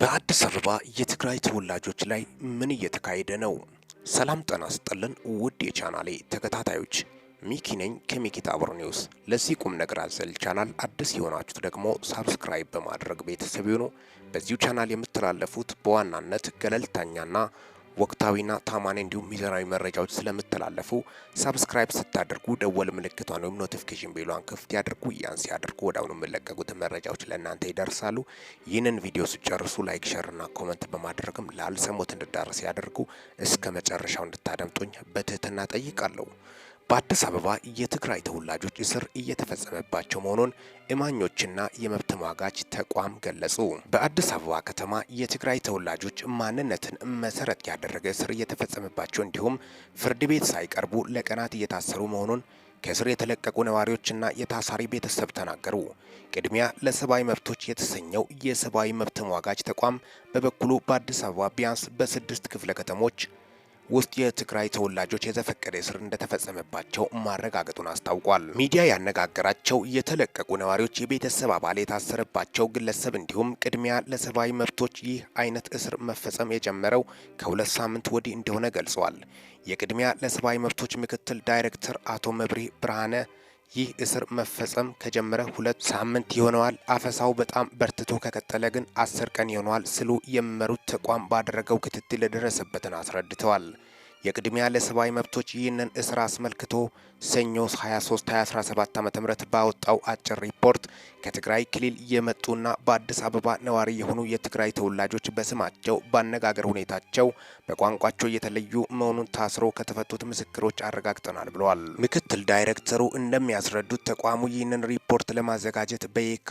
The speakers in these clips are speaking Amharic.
በአዲስ አበባ የትግራይ ተወላጆች ላይ ምን እየተካሄደ ነው? ሰላም ጠና ስጠልን ውድ የቻናሌ ተከታታዮች ሚኪ ነኝ ከሚኪታ ብር ኒውስ። ለዚህ ቁም ነገር አዘል ቻናል አዲስ የሆናችሁት ደግሞ ሳብስክራይብ በማድረግ ቤተሰብ ይሁኑ። በዚሁ ቻናል የምትላለፉት በዋናነት ገለልተኛና ወቅታዊና ታማኝ እንዲሁም ሚዛናዊ መረጃዎች ስለምትላለፉ ሰብስክራይብ ስታደርጉ ደወል ምልክቷን ወይም ኖቲፊኬሽን ቤሏን ክፍት ያድርጉ። ያን ሲያደርጉ ወደ አሁኑ የምለቀቁት መረጃዎች ለእናንተ ይደርሳሉ። ይህንን ቪዲዮ ስጨርሱ ላይክ፣ ሸርና ኮመንት በማድረግም ላልሰሙት እንድዳረስ ያደርጉ። እስከ መጨረሻው እንድታደምጡኝ በትህትና ጠይቃለሁ። በአዲስ አበባ የትግራይ ተወላጆች እስር እየተፈጸመባቸው መሆኑን እማኞችና የመብት ተሟጋች ተቋም ገለጹ። በአዲስ አበባ ከተማ የትግራይ ተወላጆች ማንነትን መሰረት ያደረገ እስር እየተፈጸመባቸው እንዲሁም ፍርድ ቤት ሳይቀርቡ ለቀናት እየታሰሩ መሆኑን ከእስር የተለቀቁ ነዋሪዎችና የታሳሪ ቤተሰብ ተናገሩ። ቅድሚያ ለሰብአዊ መብቶች የተሰኘው የሰብአዊ መብት ተሟጋች ተቋም በበኩሉ በአዲስ አበባ ቢያንስ በስድስት ክፍለ ከተሞች ውስጥ የትግራይ ተወላጆች የዘፈቀደ እስር እንደተፈጸመባቸው ማረጋገጡን አስታውቋል። ሚዲያ ያነጋገራቸው የተለቀቁ ነዋሪዎች የቤተሰብ አባል የታሰረባቸው ግለሰብ እንዲሁም ቅድሚያ ለሰብአዊ መብቶች ይህ አይነት እስር መፈጸም የጀመረው ከሁለት ሳምንት ወዲህ እንደሆነ ገልጸዋል። የቅድሚያ ለሰብአዊ መብቶች ምክትል ዳይሬክተር አቶ መብሪ ብርሃነ ይህ እስር መፈጸም ከጀመረ ሁለት ሳምንት ይሆነዋል። አፈሳው በጣም በርትቶ ከቀጠለ ግን አስር ቀን ይሆነዋል ሲሉ የሚመሩት ተቋም ባደረገው ክትትል የደረሰበትን አስረድተዋል። የቅድሚያ ለሰብአዊ መብቶች ይህንን እስር አስመልክቶ ሰኞ 23 2017 ዓ ም ባወጣው አጭር ሪፖርት ከትግራይ ክልል የመጡና በአዲስ አበባ ነዋሪ የሆኑ የትግራይ ተወላጆች በስማቸው፣ በአነጋገር ሁኔታቸው፣ በቋንቋቸው እየተለዩ መሆኑን ታስሮ ከተፈቱት ምስክሮች አረጋግጠናል ብለዋል። ምክትል ዳይሬክተሩ እንደሚያስረዱት ተቋሙ ይህንን ሪፖርት ለማዘጋጀት በየካ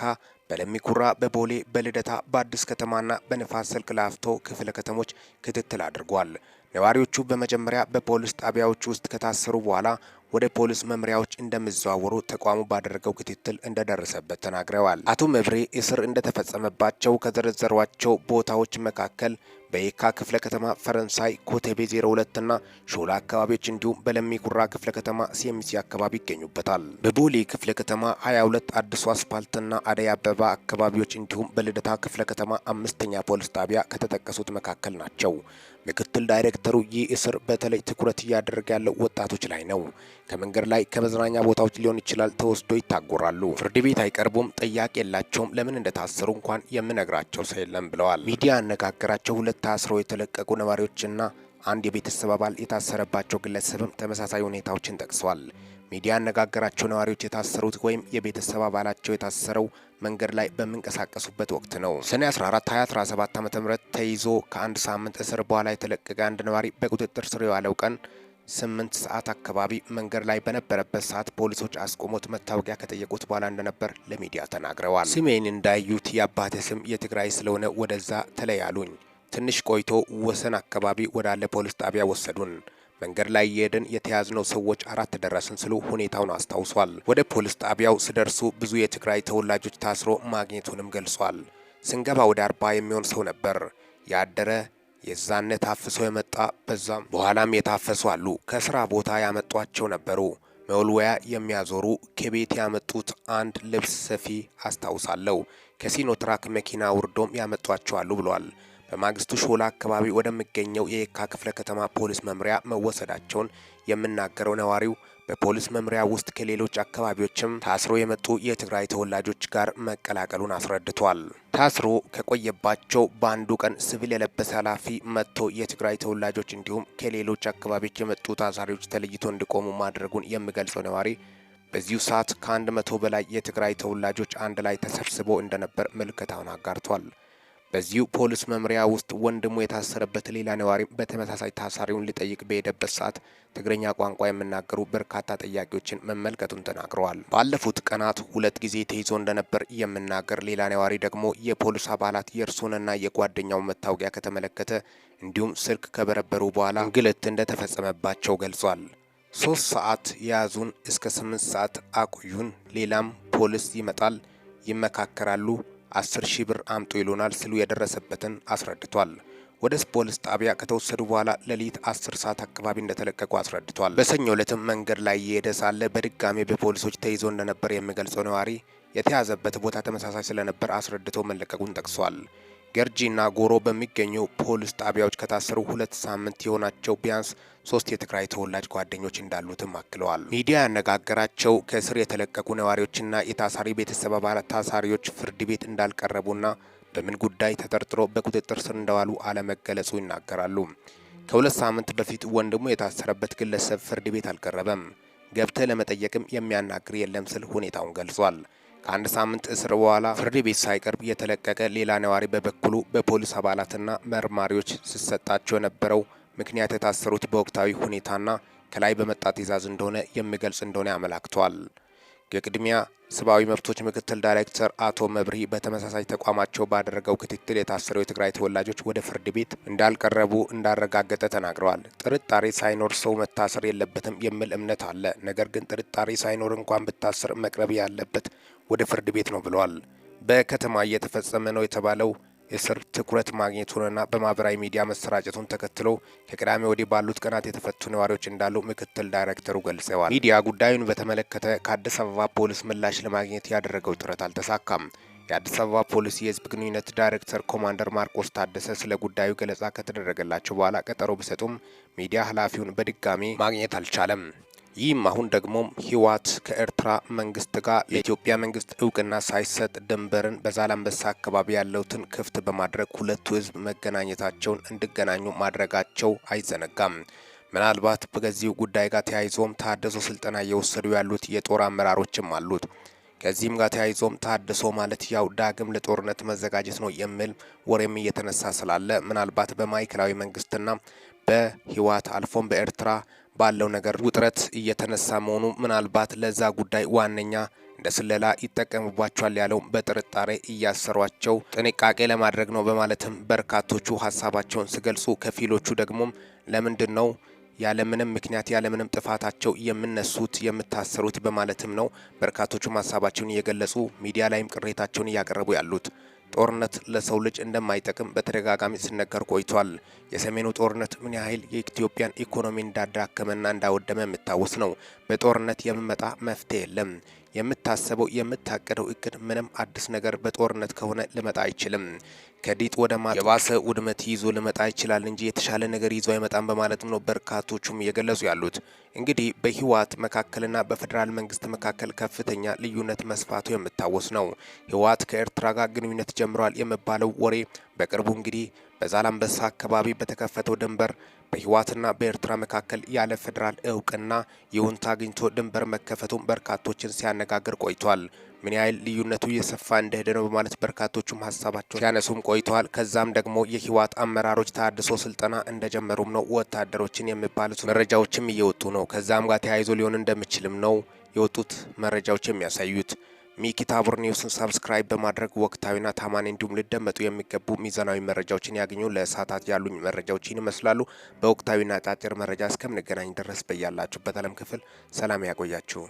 በለሚኩራ በቦሌ በልደታ በአዲስ ከተማና በንፋስ ስልክ ላፍቶ ክፍለ ከተሞች ክትትል አድርጓል። ነዋሪዎቹ በመጀመሪያ በፖሊስ ጣቢያዎች ውስጥ ከታሰሩ በኋላ ወደ ፖሊስ መምሪያዎች እንደሚዘዋወሩ ተቋሙ ባደረገው ክትትል እንደደረሰበት ተናግረዋል። አቶ መብሬ እስር እንደተፈጸመባቸው ከዘረዘሯቸው ቦታዎች መካከል በየካ ክፍለ ከተማ ፈረንሳይ ኮቴቤ 02 እና ሾላ አካባቢዎች እንዲሁም በለሚኩራ ክፍለ ከተማ ሲኤምሲ አካባቢ ይገኙበታል። በቦሌ ክፍለ ከተማ 22 አዲሱ አስፓልትና አደይ አበባ አካባቢዎች እንዲሁም በልደታ ክፍለ ከተማ አምስተኛ ፖሊስ ጣቢያ ከተጠቀሱት መካከል ናቸው። ምክትል ዳይሬክተሩ ይህ እስር በተለይ ትኩረት እያደረገ ያለው ወጣቶች ላይ ነው። ከመንገድ ላይ ከመዝናኛ ቦታዎች ሊሆን ይችላል ተወስዶ ይታጎራሉ። ፍርድ ቤት አይቀርቡም፣ ጥያቄ የላቸውም። ለምን እንደታሰሩ እንኳን የምነግራቸው ሰው የለም ብለዋል። ሚዲያ ያነጋገራቸው ሁለት ታስረው የተለቀቁ ነዋሪዎችና አንድ የቤተሰብ አባል የታሰረባቸው ግለሰብም ተመሳሳይ ሁኔታዎችን ጠቅሰዋል። ሚዲያ ያነጋገራቸው ነዋሪዎች የታሰሩት ወይም የቤተሰብ አባላቸው የታሰረው መንገድ ላይ በሚንቀሳቀሱበት ወቅት ነው። ሰኔ 14 2017 ዓ.ም ተይዞ ከአንድ ሳምንት እስር በኋላ የተለቀቀ አንድ ነዋሪ በቁጥጥር ስር የዋለው ቀን ስምንት ሰዓት አካባቢ መንገድ ላይ በነበረበት ሰዓት ፖሊሶች አስቆሞት መታወቂያ ከጠየቁት በኋላ እንደነበር ለሚዲያ ተናግረዋል። ስሜን እንዳዩት የአባቴ ስም የትግራይ ስለሆነ ወደዛ ተለያሉኝ። ትንሽ ቆይቶ ወሰን አካባቢ ወዳለ ፖሊስ ጣቢያ ወሰዱን። መንገድ ላይ የሄድን የተያዝነው ሰዎች አራት ደረስን ስሉ ሁኔታውን አስታውሷል። ወደ ፖሊስ ጣቢያው ስደርሱ ብዙ የትግራይ ተወላጆች ታስሮ ማግኘቱንም ገልጿል። ስንገባ ወደ አርባ የሚሆን ሰው ነበር ያደረ የዛነ ታፍሶ የመጣ በዛም በኋላም የታፈሱ አሉ። ከስራ ቦታ ያመጧቸው ነበሩ። መወልወያ የሚያዞሩ ከቤት ያመጡት አንድ ልብስ ሰፊ አስታውሳለሁ። ከሲኖትራክ መኪና ውርዶም ያመጧቸው አሉ ብሏል። በማግስቱ ሾላ አካባቢ ወደሚገኘው የየካ ክፍለ ከተማ ፖሊስ መምሪያ መወሰዳቸውን የምናገረው ነዋሪው በፖሊስ መምሪያ ውስጥ ከሌሎች አካባቢዎችም ታስሮ የመጡ የትግራይ ተወላጆች ጋር መቀላቀሉን አስረድቷል። ታስሮ ከቆየባቸው በአንዱ ቀን ሲቪል የለበሰ ኃላፊ መጥቶ የትግራይ ተወላጆች እንዲሁም ከሌሎች አካባቢዎች የመጡ ታሳሪዎች ተለይቶ እንዲቆሙ ማድረጉን የሚገልጸው ነዋሪ በዚሁ ሰዓት ከአንድ መቶ በላይ የትግራይ ተወላጆች አንድ ላይ ተሰብስቦ እንደነበር ምልከታውን አጋርቷል። በዚሁ ፖሊስ መምሪያ ውስጥ ወንድሙ የታሰረበት ሌላ ነዋሪ በተመሳሳይ ታሳሪውን ሊጠይቅ በሄደበት ሰዓት ትግረኛ ቋንቋ የሚናገሩ በርካታ ጥያቄዎችን መመልከቱን ተናግረዋል። ባለፉት ቀናት ሁለት ጊዜ ተይዞ እንደነበር የምናገር ሌላ ነዋሪ ደግሞ የፖሊስ አባላት የእርሱንና የጓደኛው መታወቂያ ከተመለከተ እንዲሁም ስልክ ከበረበሩ በኋላ እንግልት እንደተፈጸመባቸው ገልጿል። ሶስት ሰዓት የያዙን እስከ ስምንት ሰዓት አቆዩን። ሌላም ፖሊስ ይመጣል፣ ይመካከራሉ አስር ሺህ ብር አምጡ ይሉናል ሲሉ የደረሰበትን አስረድቷል። ወደ ፖሊስ ጣቢያ ከተወሰዱ በኋላ ሌሊት አስር ሰዓት አካባቢ እንደተለቀቁ አስረድቷል። በሰኞ ዕለትም መንገድ ላይ እየሄደ ሳለ በድጋሜ በፖሊሶች ተይዞ እንደነበር የሚገልጸው ነዋሪ የተያዘበት ቦታ ተመሳሳይ ስለነበር አስረድቶ መለቀቁን ጠቅሷል። ገርጂና ጎሮ በሚገኙ ፖሊስ ጣቢያዎች ከታሰሩ ሁለት ሳምንት የሆናቸው ቢያንስ ሶስት የትግራይ ተወላጅ ጓደኞች እንዳሉትም አክለዋል። ሚዲያ ያነጋገራቸው ከእስር የተለቀቁ ነዋሪዎችና የታሳሪ ቤተሰብ አባላት ታሳሪዎች ፍርድ ቤት እንዳልቀረቡና በምን ጉዳይ ተጠርጥሮ በቁጥጥር ስር እንደዋሉ አለመገለጹ ይናገራሉ። ከሁለት ሳምንት በፊት ወንድሙ የታሰረበት ግለሰብ ፍርድ ቤት አልቀረበም፣ ገብተ ለመጠየቅም የሚያናግር የለም ስል ሁኔታውን ገልጿል። ከአንድ ሳምንት እስር በኋላ ፍርድ ቤት ሳይቀርብ የተለቀቀ ሌላ ነዋሪ በበኩሉ በፖሊስ አባላትና መርማሪዎች ሲሰጣቸው የነበረው ምክንያት የታሰሩት በወቅታዊ ሁኔታና ከላይ በመጣ ትዕዛዝ እንደሆነ የሚገልጽ እንደሆነ ያመላክቷል። የቅድሚያ ሰብአዊ መብቶች ምክትል ዳይሬክተር አቶ መብሪ በተመሳሳይ ተቋማቸው ባደረገው ክትትል የታሰሩ የትግራይ ተወላጆች ወደ ፍርድ ቤት እንዳልቀረቡ እንዳረጋገጠ ተናግረዋል። ጥርጣሬ ሳይኖር ሰው መታሰር የለበትም የሚል እምነት አለ። ነገር ግን ጥርጣሬ ሳይኖር እንኳን ብታሰር መቅረብ ያለበት ወደ ፍርድ ቤት ነው ብለዋል። በከተማ እየተፈጸመ ነው የተባለው እስር ትኩረት ማግኘቱንና በማህበራዊ ሚዲያ መሰራጨቱን ተከትሎ ከቅዳሜ ወዲህ ባሉት ቀናት የተፈቱ ነዋሪዎች እንዳሉ ምክትል ዳይሬክተሩ ገልጸዋል። ሚዲያ ጉዳዩን በተመለከተ ከአዲስ አበባ ፖሊስ ምላሽ ለማግኘት ያደረገው ጥረት አልተሳካም። የአዲስ አበባ ፖሊስ የህዝብ ግንኙነት ዳይሬክተር ኮማንደር ማርቆስ ታደሰ ስለ ጉዳዩ ገለጻ ከተደረገላቸው በኋላ ቀጠሮ ቢሰጡም ሚዲያ ኃላፊውን በድጋሚ ማግኘት አልቻለም። ይህም አሁን ደግሞም ህወሓት ከኤርትራ መንግስት ጋር የኢትዮጵያ መንግስት እውቅና ሳይሰጥ ድንበርን በዛላንበሳ አካባቢ ያለውትን ክፍት በማድረግ ሁለቱ ህዝብ መገናኘታቸውን እንዲገናኙ ማድረጋቸው አይዘነጋም። ምናልባት በዚሁ ጉዳይ ጋር ተያይዞም ታደሰ ስልጠና እየወሰዱ ያሉት የጦር አመራሮችም አሉት። ከዚህም ጋር ተያይዞም ታድሶ ማለት ያው ዳግም ለጦርነት መዘጋጀት ነው የሚል ወሬም እየተነሳ ስላለ ምናልባት በማዕከላዊ መንግስትና በህወሓት አልፎም በኤርትራ ባለው ነገር ውጥረት እየተነሳ መሆኑ ምናልባት ለዛ ጉዳይ ዋነኛ እንደ ስለላ ይጠቀሙባቸዋል ያለው በጥርጣሬ እያሰሯቸው ጥንቃቄ ለማድረግ ነው በማለትም በርካቶቹ ሀሳባቸውን ሲገልጹ፣ ከፊሎቹ ደግሞ ለምንድን ነው ያለምንም ምክንያት ያለምንም ጥፋታቸው የምነሱት የምታሰሩት በማለትም ነው በርካቶቹ ሀሳባቸውን እየገለጹ ሚዲያ ላይም ቅሬታቸውን እያቀረቡ ያሉት። ጦርነት ለሰው ልጅ እንደማይጠቅም በተደጋጋሚ ሲነገር ቆይቷል። የሰሜኑ ጦርነት ምን ያህል የኢትዮጵያን ኢኮኖሚ እንዳዳከመና እንዳወደመ የሚታወስ ነው። በጦርነት የሚመጣ መፍትሄ የለም። የምታሰበው የምታቀደው እቅድ ምንም አዲስ ነገር በጦርነት ከሆነ ልመጣ አይችልም። ከዲጥ ወደ ማ የባሰ ውድመት ይዞ ልመጣ ይችላል እንጂ የተሻለ ነገር ይዞ አይመጣም በማለትም ነው በርካቶቹም እየገለጹ ያሉት። እንግዲህ በህወሓት መካከልና በፌዴራል መንግስት መካከል ከፍተኛ ልዩነት መስፋቱ የምታወስ ነው። ህወሓት ከኤርትራ ጋር ግንኙነት ጀምሯል የሚባለው ወሬ በቅርቡ እንግዲህ በዛላንበሳ አካባቢ በተከፈተው ድንበር በህወሓትና በኤርትራ መካከል ያለ ፌዴራል እውቅና ይሁንታ አግኝቶ ድንበር መከፈቱን በርካቶችን ሲያነጋግር ቆይቷል። ምን ያህል ልዩነቱ እየሰፋ እንደሄደ ነው በማለት በርካቶቹም ሀሳባቸው ሲያነሱም ቆይተዋል። ከዛም ደግሞ የህወሓት አመራሮች ታድሶ ስልጠና እንደጀመሩም ነው ወታደሮችን የሚባሉት መረጃዎችም እየወጡ ነው። ከዛም ጋር ተያይዞ ሊሆን እንደሚችልም ነው የወጡት መረጃዎች የሚያሳዩት። ሚኪ ታቦር ኒውስን ሰብስክራይብ በማድረግ ወቅታዊና ታማኔ እንዲሁም ሊደመጡ የሚገቡ ሚዛናዊ መረጃዎችን ያገኙ። ለሰዓታት ያሉኝ መረጃዎችን ይመስላሉ። በወቅታዊና አጫጭር መረጃ እስከምንገናኝ ድረስ በያላችሁበት ዓለም ክፍል ሰላም ያቆያችሁ።